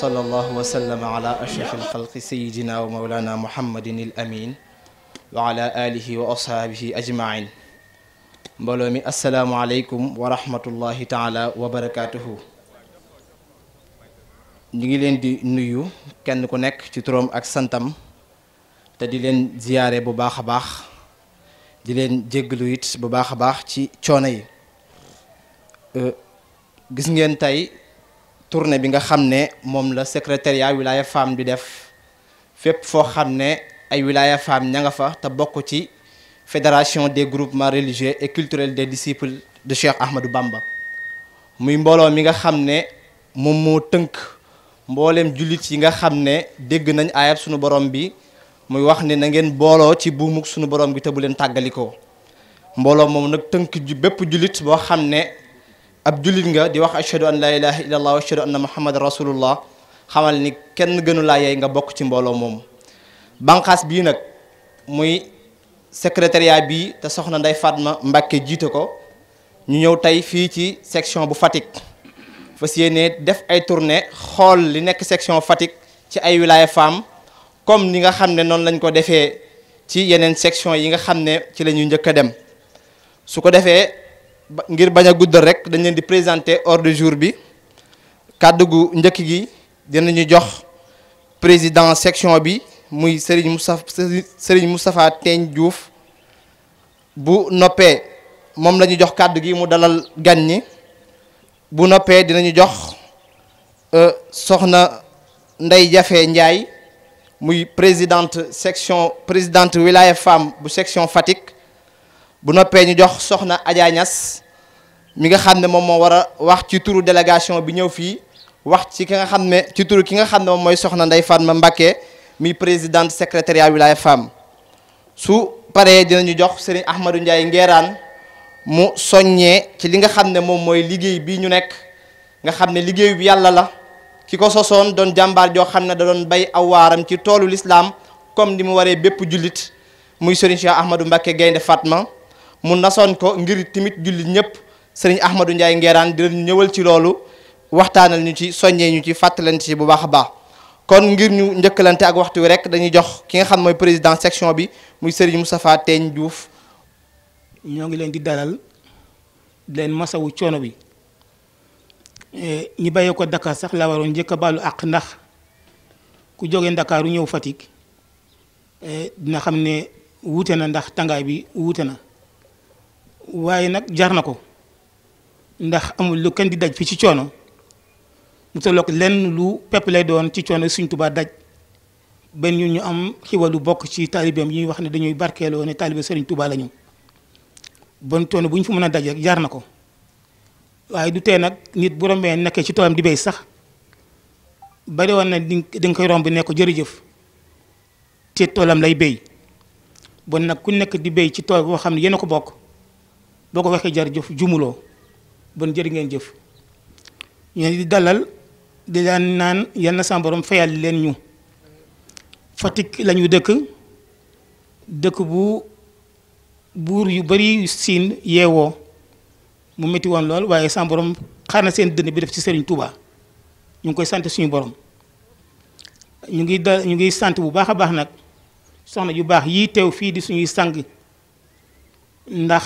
وصلى الله وسلم على أشرف الخلق سيدنا ومولانا محمد الأمين mbooloo mi asalaamualeykum wa rahmatullahi taala wa barakaatuhu ñu ngi leen di nuyu kenn ku nekk ci turam ak santam te di leen ziyaare bu baax a baax di leen jégglu it bu baax a baax ci coono yi euh, gis ngeen tey tournée bi nga xam ne moom la secrétariat wilaya femme bi def fépp foo xam ne ay wilaya femme ña nga fa te bokk ci fédération des groupements religieux et culturels des disciples de Cheikh ahmadu Bamba muy mbooloo mi nga xam ne moom moo tënk mbooleem jullit yi nga xam ne dégg nañ aayab sunu borom bi muy wax ne na ngeen booloo ci buumuk sunu borom bi te bu leen tàggalikoo mbooloo moom nag tënk bépp jullit boo xam ne ab jullit nga di wax ashhadu an laa ilaha illa allah wa ashhadu anna muhammadan rasulullah xamal ni kenn gënu laa nga bokk ci mbooloo moomu banqaas bii nag muy secrétariat bi te soxna Ndeye Fatma Mbacke jiite ko ñu ñëw tey fii ci section bu Fatick fas yéene def ay tournée xool li nekk section Fatick ci ay wilaya femme comme ni nga xam ne noonu lañ ko defee ci yeneen section yi nga xam ne ci lañuy ñuy njëkk a dem su ko defee ngir bañ a guddal rek dañ leen di présenter ordre du jour bi kàddu gu njëkk gi dinañu jox président section bi muy Serigne Moustapha Serigne Moustapha Teeñ Diouf bu noppee moom la ñu jox kàddu gi mu dalal gan ñi bu noppee dinañu jox euh, soxna Ndey Jafe Njaay muy présidente section présidente wilaya femme bu section Fatick bu noppee ñu jox soxna Adja mi nga xam ne moom moo war a wax ci turu délégation bi ñëw fii wax ci ki nga xam ne ci turu ki nga xam ne moom mooy soxna Ndeye Fatma Mbacké mi présidente secrétariat wilaya femme su paree dinañu jox Serigne Ahmadou Ndiaye Nguérane mu soññee ci li nga xam ne moom mooy liggéey bi ñu nekk nga xam ne liggéey bi yàlla la ki ko sosoon doon jàmbaar joo xam ne da doon bay aw waaram ci toolu lislaam comme ni mu waree bépp jullit muy Serigne Cheikh Ahmadou Mbacké Gaynde Fatma mu nasoon ko ngir timit jullit ñëpp sëriñ Ahmadou Ndiaye Nguerane di ñëwal ci loolu waxtaanal ñu ci soññee ñu ci fàttalante ci bu baax a baax kon ngir ñu njëkkalante ak waxtu wi rek dañuy jox ki nga xam mooy président section bi muy sëriñ Moustapha Teeñ ñoo ngi leen di dalal di leen masawu coono bi e, ñi bàyyee ko Dakar sax la njëkk a baalu àq ndax ku jógee Ndakaaru ñëw Fatick e, dina xam ne wuute na ndax tàngaay bi wuute na. waaye nag jaar na ko ndax amul lu kenn di daj fi ci coono mu tolloog lenn lu pepp lay doon ci coono Sëriñ tubaa daj benn ñun ñu am xiwalu bokk ci taalibeem yi ñuy wax ne dañuy barkeeloo ne taalibe Sëriñ Tuubaa lañu bon coono bu fi mën a daj rek na ko waaye du tee nag nit bu rombee nekkee ci toolam di béy sax bari woon na di nga koy romb ne ko jërëjëf te toolam lay béy bon nag ku nekk di béy ci tool boo xam ne yéen ko bokk boo ko waxee jar jëf jumuloo bon jëri jëf ñu di dalal di daan naan yal na sama borom fayal leen ñu fatik lañuy dëkk dëkk bu buur yu bari siin yeewoo mu métti woon lool waaye sama xar na seen dënn bi def ci Serigne tubaa ñu ngi koy sant suñu borom ñu ngi da ñu ngi sant bu baax a baax nag soxna yu baax yii teew fii di suñuy sang ndax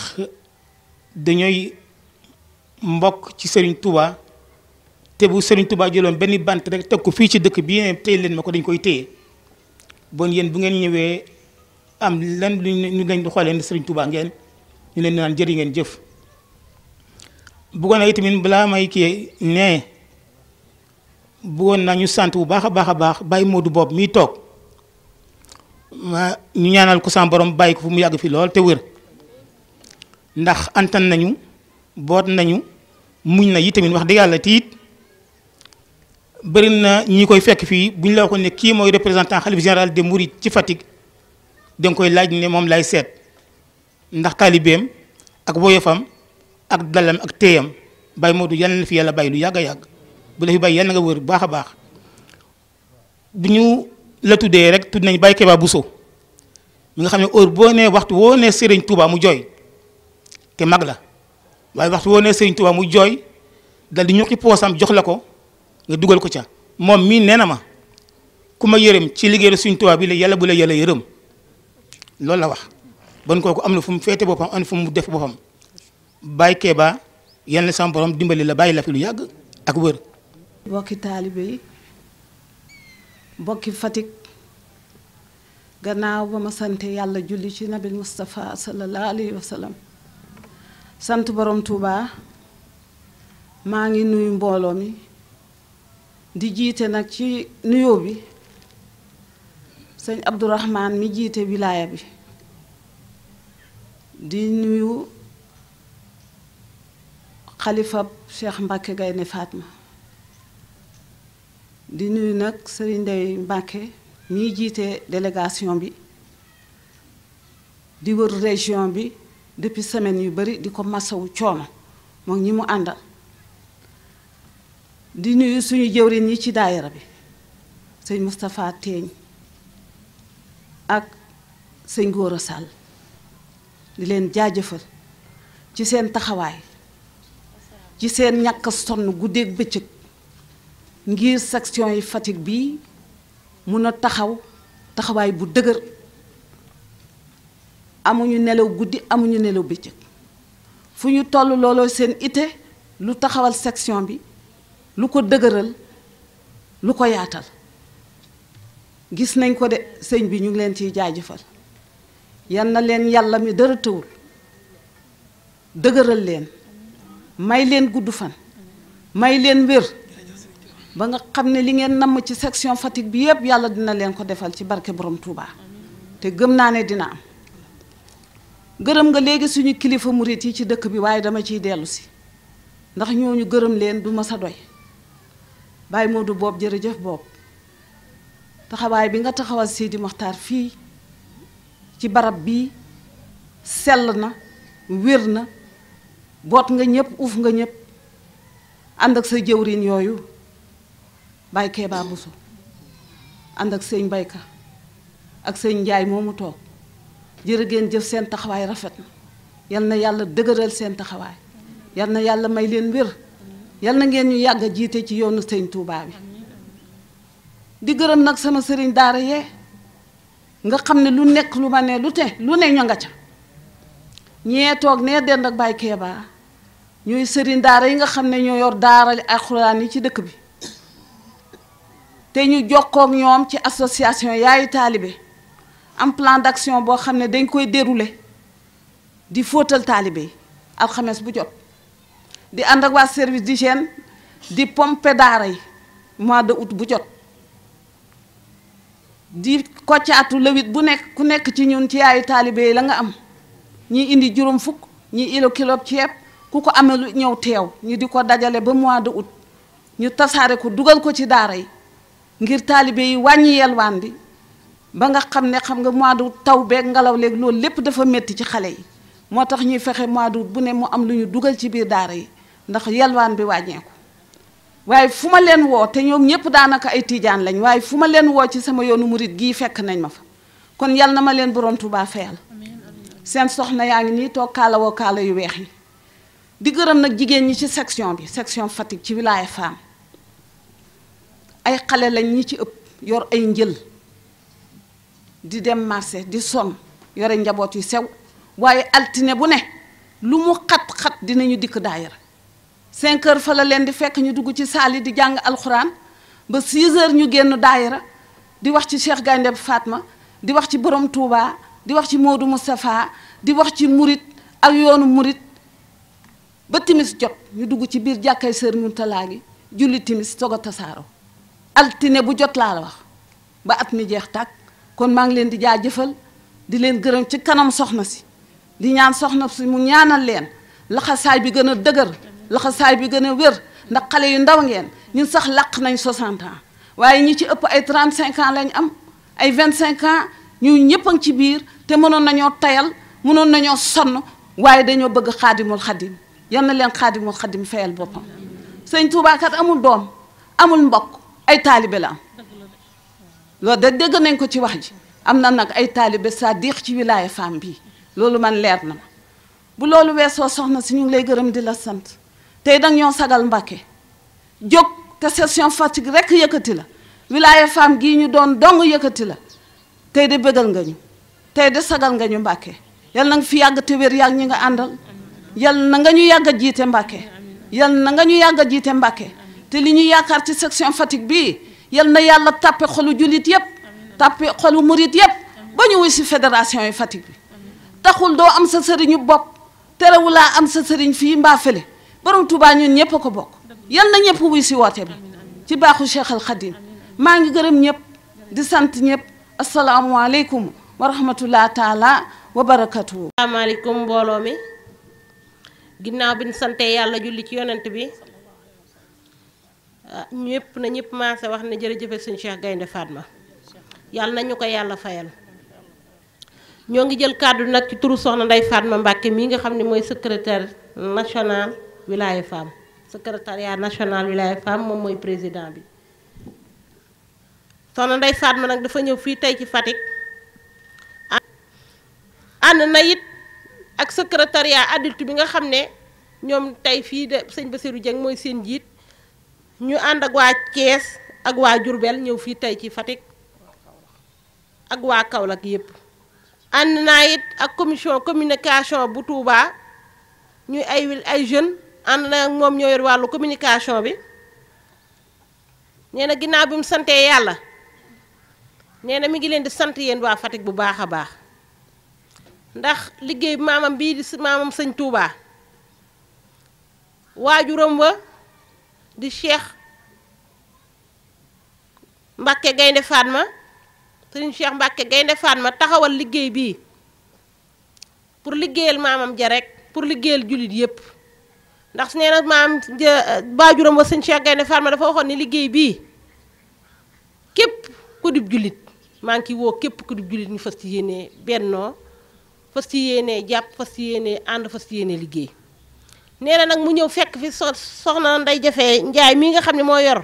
dañooy mbokk ci sëriñ Touba te bu sëriñ Touba jëloon benn bant rek teg ko fii ci dëkk bi yéen téye leen ma ko dañ koy téye bon yéen bu ngeen ñëwee am lan luñ lañ xoolee leen sëriñ Touba ngeen ñu leen naan jëri ngeen jëf. bëggoon na itamit balaa may kii nee bëggoon naa ñu sant bu baax a baax a baax bàyyi Modou Bob miy toog ma ñu ñaanal ko sama borom bàyyi ko fu mu yàgg fi lool te wër ndax antan nañu boot nañu muñ na yi tamit wax dëgg yàlla tiit bëri na ñi koy fekk fii bu ñu la waxoon ne kii mooy représentant xalif général des mourides ci Fatick da koy laaj ne moom lay seet ndax taalibeem ak woyofam ak dalam ak téyam Baye Modou yal na fi yàlla bàyyi lu yàgg a yàgg bu la fi bàyyi yal nga wër bu baax a baax bu ñu la tuddee rek tudd nañ Baye bu Bousso mi nga xam ne heure boo nee waxtu woo nee Serigne Touba mu jooy. te mag la waaye waxtu woo ne sëriñ Tuubaa mu jooy dal di ñuqi poosam jox la ko nga dugal ko ca moom mii nee na ma ku ma yërëm ci liggéeyu sëriñ Tuubaa bi la yàlla bu la yàlla yërëm loolu la wax ban kooku am na fu mu féete boppam am na fu mu def boppam bàyyi keebaa yal na sama dimbali la bàyyi la fi lu yàgg ak wër mbokki taalibe yi mbokki Fatick gannaaw ba ma sante yàlla julli ci nabi Moustapha sallallahu alayhi sant borom Touba maa ngi nuyu mbooloo mi di jiite nag ci nuyoo bi sëñ Abdourahman mi jiite wilaaya bi di nuyu xalifab Cheikh Mbacke Gaynde Fatma di nuyu nag sëriñ Ndey Mbacke mi jiite délégation bi di wër région bi depuis semaine yu bari di ko masawu coono moom ñi mu àndal di nuyu suñu jëwriñ yi ci daayara bi sëñ Moustapha Teeñ ak sëñ Gora di leen jaajëfal ci seen taxawaay ci seen ñàkk sonn guddeeg bëccëg ngir section yi Fatick bii mun a taxaw taxawaay bu dëgër amuñu nelaw guddi amuñu nelaw bëccëg fu ñu toll looloo seen ite lu taxawal section bi lu ko dëgëral lu ko yaatal gis nañ ko de sëñ bi ñu ngi leen ciy jaajëfal yan na leen yàlla mi dara tëwul dëgëral leen may leen gudd fan may leen wér ba nga xam ne li ngeen namm ci section Fatick bi yépp yàlla dina leen ko defal ci barke borom Touba te gëm naa ne dina am gërëm nga léegi suñu kilifa murit yi ci dëkk bi waaye dama ciy dellusi ndax ñooñu gërëm leen du ma sa doy Baye Modou Bob jërëjëf boob taxawaay bi nga taxawal Sidi Mokhtar fii ci barab bi sell na wér na boot nga ñëpp uuf nga ñëpp ànd ak sa jëwriñ yooyu Baye Kéba Bousso ànd ak sëñ Bayka ak sëñ Njaay moomu toog jërë ngeen jëf seen taxawaay rafet na yal na yàlla dëgëral seen taxawaay yal na yàlla may leen wér yal na ngeen ñu yàgg a jiite ci yoonu sëñ Touba yi di gërëm nag sama sëriñ daara yee nga xam ne lu nekk lu ma ne lu te lu ne ñu nga ca ñee toog nee dend ak Baye Kéba ñooy sëriñ daara yi nga xam ne ñoo yor daara alxuraan yi ci dëkk bi te ñu jokkook ñoom ci association yaayu taalibe am plan d'action boo xam ne dañ koy dérouler di fóotal taalibe ak alxames bu jot di ànd ak waa service d'hygiène di pompe daara yi mois de août bu jot di koccaatu lewit bu nekk ku nekk ci ñun ci yaayu taalibe yi la nga am ñi indi juróom fukk ñi ilo kilo ceeb ku ko amee lu ñëw teew ñu di ko dajale ba mois de août ñu tasaare ko dugal ko ci daara yi ngir taalibe yi wàññi yelwaan bi ba nga xam ne xam nga mois du taw beeg ngelaw léeg loolu lépp dafa métti ci xale yi moo tax ñuy fexe mois d'août bu ne mu am lu ñu dugal ci biir daara yi ndax yalwaan bi wàññeeku waaye fu ma leen woo te ñoom ñëpp daanaka ay tiijaan lañ waaye fu ma leen woo ci sama yoonu murit gii fekk nañ ma fa kon yal na ma leen borom Tuubaa feyal seen soxna yaa ngi nii toog kaala woo kaala yu weex yi di gërëm nag jigéen ñi ci section bi section Fatick ci wilaya femme ay xale lañ ñi ci ëpp yor ay njël di dem marché di sonn yore njaboot yu sew waaye altine bu ne lu mu xat-xat dinañu dikk daayira 5 heures fa la leen di fekk ñu dugg ci saali di jàng alxuraan ba 6 ñu génn daayira di wax ci Cheikh Gaynde faatma di wax ci borom Touba di wax ci moodu Moustapha di wax ci murit ak yoonu murit ba timis jot ñu dugg ci biir jàkkay sër Muntalaa gi julli timis soog a tasaaroo altine bu jot laa la wax ba at mi jeex tàkk kon maa ngi leen di jaa jëfal di leen gërëm ci kanam soxna si di ñaan soxna si mu ñaanal leen laxasaay bi gën a dëgër laxasaay bi gën a wér ndax xale yu ndaw ngeen ñu sax làq nañ 60 ans waaye ñi ci ëpp ay 35 ans lañ am ay 25 ans ñu ñëpp a ngi ci biir te mënoon nañoo teyal mënoon nañoo sonn waaye dañoo bëgg xaadimul xadim yal na leen xaadimul xadim fayal boppam sëñ Tuubaa amul doom amul mbokk ay taalibe la am loolu da dégg nañ ko ci wax ji am na nag ay taalibe sadiq ci wilaaya femme bii loolu man leer na ma bu loolu weesoo soxna si ñu lay gërëm di la sant tey dang ñoo sagal Mbàkke jóg te session Fatick rekk yëkkati la wilaaya femme gii ñu doon dong yëkkati la tey de bëggal nga ñu tey de sagal nga ñu Mbàkke yal na nga fi yàgg te wér ñi nga àndal yal na nga ñu yàgg jiite Mbàkke yal na nga ñu yàgg a jiite Mbàkke te li ñu yaakaar ci section Fatick bii yal na yàlla tàppe xolu jullit yëpp tàppe xolu murit yëpp ba ñu wuy si fédération yi Fatick bi taxul doo am sa sëriñu bopp terewulaa am sa sëriñ fii mbaa fële borom Touba ñun ñëpp a ko bokk yal na ñëpp wuy si woote bi ci baaxu Cheikh Al maa ngi gërëm ñëpp di sant ñëpp asalaamualeykum wa rahmatullah taala wa barakatuhu asalaamaaleykum mbooloo mi ginnaaw bi ñu sante yàlla julli ci yonent bi Ah, ñëpp na ñëpp maase wax ne jërëjëfe sëñ Cheikh Gaynde Fatma yàlla nañu ko yàlla fayal ñoo ngi jël kàddu nag ci turu soxna Ndeye Fatma Mbacke mii nga xam ne mooy secrétaire national wilaya femme secrétariat national wilaya femme moom mooy président bi soxna Ndeye Fatma nag dafa ñëw fii tey ci fatik ànd na it ak secrétariat adulte bi nga xam ne ñoom tey fii de sëñ Bassirou Dieng mooy seen jiit ñu ànd ak waa Thiès ak waa Diourbel ñëw fii tey ci Fatick ak waa Kaolack yépp ànd naa it ak commision communication bu Touba ñuy ay ay jeunes ànd naa ak moom ñoo wàllu communication bi nee na ginnaaw bi mu santee yàlla nee na mi ngi leen di sant yéen waa Fatick bu baax a baax ndax liggéey maamam bii di maamam sëñ Touba waajuram wa di cheikh Mbacke Gaynde Fatma sëriñ cheikh Mbacke Gaynde ma taxawal liggéey bi pour liggéeyal maamam ja rek pour liggéeyal jullit yépp ndax nee na maam ja baajuram wa sëñ cheikh Gaynde ma dafa waxoon ni liggéey bi képp ku dib jullit maa ngi ciy woo képp ku dib jullit ñu fas yéenee bennoo fas yéenee jàpp fas yéenee ànd fas yéenee liggéey. nee nag mu ñëw fekk fi so soxna nday jafe njaay mii nga xam ne moo yor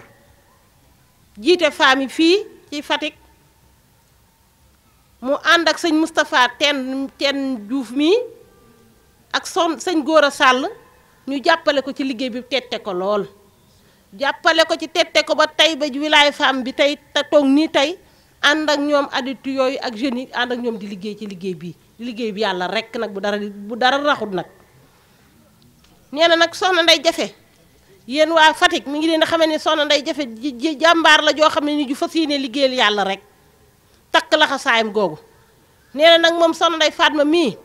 jiite femme yi fii ci fatik mu ànd ak sëñ Moustapha Teen Teen Diouf mii ak son sëñ a sàll ñu jàppale ko ci liggéey bi tete ko lool jàppale ko ci tete ko ba tey ba wilaay femme bi tey te toog nii tey ànd ak ñoom additu yooyu ak jeunes yi ànd ak ñoom di liggéey ci liggéey bi liggéey bi yàlla rekk nag bu dara bu dara raxut nag nee na nag soxna nday jafe yéen waa Fatick mu ngi leen a xamee ne soxna nday jafe ji jàmbaar la joo xam ne ni ju fa yéene liggéeyal yàlla rek takk laxa saayam googu nee nag moom soxna nday Fatma mii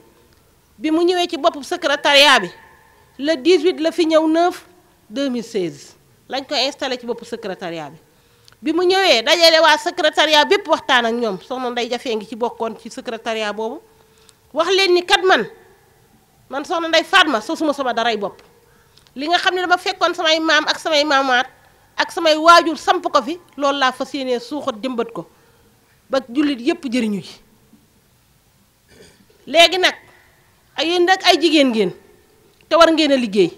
bi mu ñëwee ci boppu secrétariat bi le 18 la fi ñëw 9 2016 lañ ko installé ci boppu secrétariat bi bi mu ñëwee dajale waa secrétariat bépp waxtaan ak ñoom soxna nday jafee ngi ci bokkoon ci secrétariat boobu wax leen ni kat man man soxna ma Fatma suma sama daray bopp li nga xam ne dama fekkoon samay maam ak samay maamaat ak samay waajur samp ko fi loolu laa fas yéenee suuxat jëmbat ko ba jullit yépp jëriñu ji léegi nag ay yéen nag ay jigéen ngeen te war ngeen a liggéey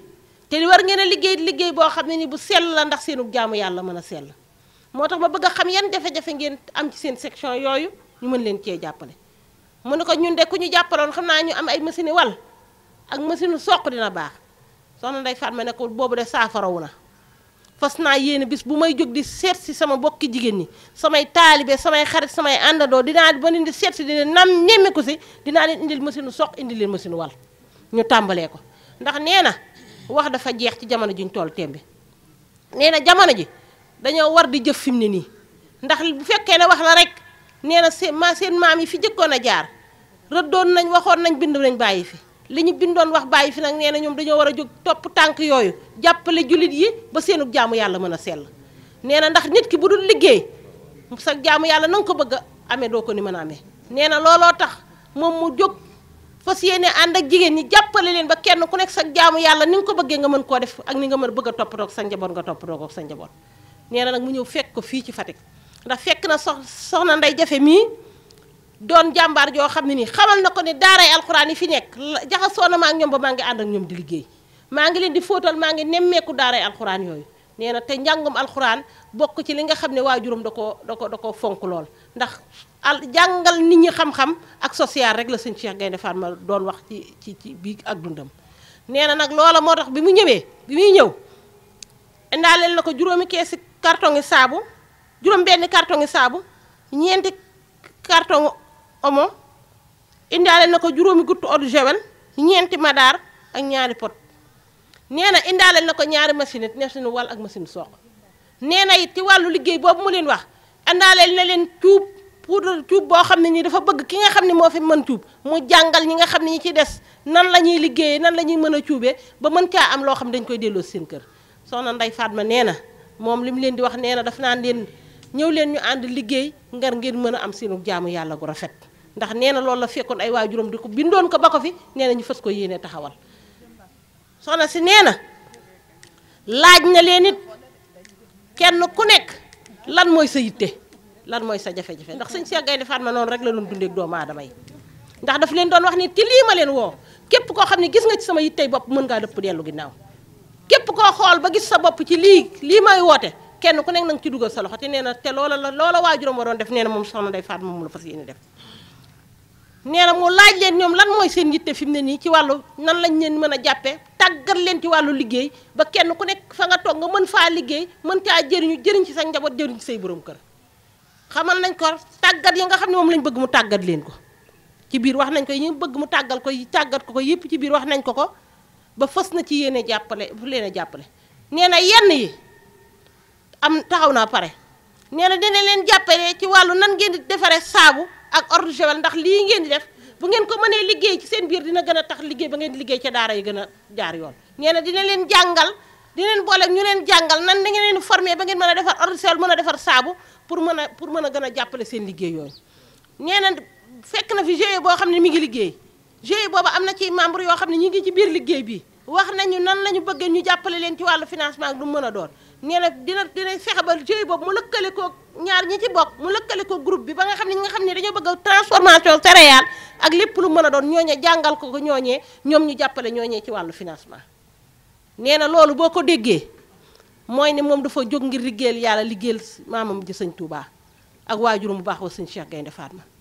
te li war ngeen a liggéey liggéey boo xam ne ni bu sell la ndax seenu jaamu yàlla mën a sell moo tax ma bëgg xam yan jafe-jafe ngeen am ci seen section yooyu ñu mën leen cee jàppale mu ne ko ñun de jàppaloon xam naa ñu am ay machine wal ak machine soq dina baax soxna Ndeye Fatma ma ko boobu de saafarawu na fas naa yéene bis bu may jóg di seet si sama bokki jigéen ñi samay taalibe samay xarit samay àndandoo dinaa ba leen di seet si di nam ñemme si dinaa leen indil machine soq indi leen machine wal ñu tàmbalee ko ndax nee na wax dafa jeex ci jamono ji ñu toll tembe nee na jamono ji dañoo war di jëf fi mu ne nii ndax bu fekkee ne wax la rek nee na seen ma maam yi fi jëkkoon a jaar rëddoon nañ waxoon nañ bind nañ bàyyi fi li ñu bindoon wax bàyyi fi nag nee na ñoom dañoo war a jóg topp tànk yooyu jàppale jullit yi ba seenu jaamu yàlla mën a sell nee na ndax nit ki bu dul liggéey sa jaamu yàlla na ko bëgg amee doo ko ni mën a amee. nee na looloo tax moom mu jóg fas yéene ànd ak jigéen ñi jàppale ba kenn ku nekk sa jaamu yàlla ni nga ko bëggee nga mën koo def ak ni nga mën bëgg a toppatoo ak sa njaboot nga toppatoo ak sa njaboot nee na nag mu ñëw fekk ko fii ci Fatick ndax fekk na sox soxna nday Jafe mii. doon jàmbaar joo xam ne nii xamal na ko ni daaray alxuraan yi fi nekk jaxasoo na ma ak ñoom ba maa ngi ànd ak ñoom di liggéey maa ngi leen di fóotal maa ngi nemmeeku daaray alxuraan yooyu nee na te njàngum alxuraan bokk ci li nga xam ne waajuram da koo da ko da koo fonk lool ndax al jàngal nit ñi xam-xam ak social rek la sëñ Cheikh Gaynde ma doon wax ci ci ci bii ak dundam nee na nag loola moo tax bi mu ñëwee bi muy ñëw ndaa indaaleel la ko juróomi keesi carton yi saabu juróom benn carton yi saabu ñeenti carton omo indaale na ko juróomi guttu eau de ñeenti madaar ak ñaari pot nee na indaale na ko ñaari machine machine wal ak machine soq nee na it ci wàllu liggéey boobu mu leen wax indaaleel na leen cuub poudre cuub boo xam ne nii dafa bëgg ki nga xam ne moo fi mën cuub mu jàngal ñi nga xam ne ñi ci des nan la ñuy liggéeyee nan la ñuy mën a cuubee ba mën kaa am loo xam dañ koy delloo seen kër soxna Ndey Fatma nee na moom li mu leen di wax nee na daf naan leen ñëw leen ñu ànd liggéey ngar ngeen mën a am seenu jaamu yàlla gu rafet ndax nee na loolu la fekkoon ay waajuram di ko bindoon ko ba ko fi nee na ñu fas ko yéene taxawal soxna si nee na laaj na leen it kenn ku nekk lan mooy sa yitte lan mooy sa jafe-jafe ndax sëñ Cheikh Gaynde ma noonu rek la doon dundeek doomu aadama yi ndax daf leen doon wax ni ti lii ma leen woo képp koo xam ne gis nga ci sama yittey bopp mën ngaa dëpp dellu ginnaaw képp koo xool ba gis sa bopp ci lii lii may woote kenn ku nekk nanga ci dugal sa loxo te nee na te loola la loola waajuram waroon def nee na moom soxna Ndeye Fatou moom la fas na laaj leen ñoom lan mooy seen yitte fi mu ne nii ci wàllu nan lañ leen mën a jàppee tàggat leen wàllu liggéey ba kenn ku nekk fa nga toog nga mën faa liggéey mën caa jëriñu jëriñ ci sa njaboot jëriñ ci say borom kër xamal nañ ko tàggat yi nga xam ne moom bëgg mu tàggat leen ko ci biir nañ ko yi bëgg mu tàggal ko tàggat ko ko yëpp ci biir wax nañ ko ko ba fas na ci yéene jàppale fu leen a jàppale nee na yenn yi am taxaw naa pare nee na dina leen jàppale ci wàllu nan ngeen di defaree saabu ak ordre javel ndax lii ngeen di def bu ngeen ko mënee liggéey ci seen biir dina gën a tax liggéey ba ngeen liggéey ca daara yi gën a jaar yoon. nee na dina leen jàngal dina leen booleek ñu leen jàngal nan da ngeen leen formé ba ngeen mën a defar ordre javel mën a defar saabu pour mën a pour mën a gën a jàppale seen liggéey yooyu. nee fekk na fi GIE boo xam ne mi ngi liggéey GIE boobu am na ci membre yoo xam ne ñu ngi ci biir liggéey bi wax nañu nan lañu bëgg ñu jàppale leen ci wàllu financement ak lu mën doon nee na dina dina fexe ba jëy boobu mu lëkkale ko ñaar ñi ci bokk mu lëkkale ko groupe bi ba nga xam ne ñi nga xam ne dañoo bëgg transformation céréale ak lépp lu mën a doon ñooñee jàngal ko ko ñooñee ñoom ñu jàppale ñooñee ci wàllu financement nee na loolu boo ko déggee mooy ne moom dafa jóg ngir liggéeyal yàlla liggéeyal maamam ji sëñ Touba ak waajuru mu baax wa sëñ Cheikh Gaynde Fatma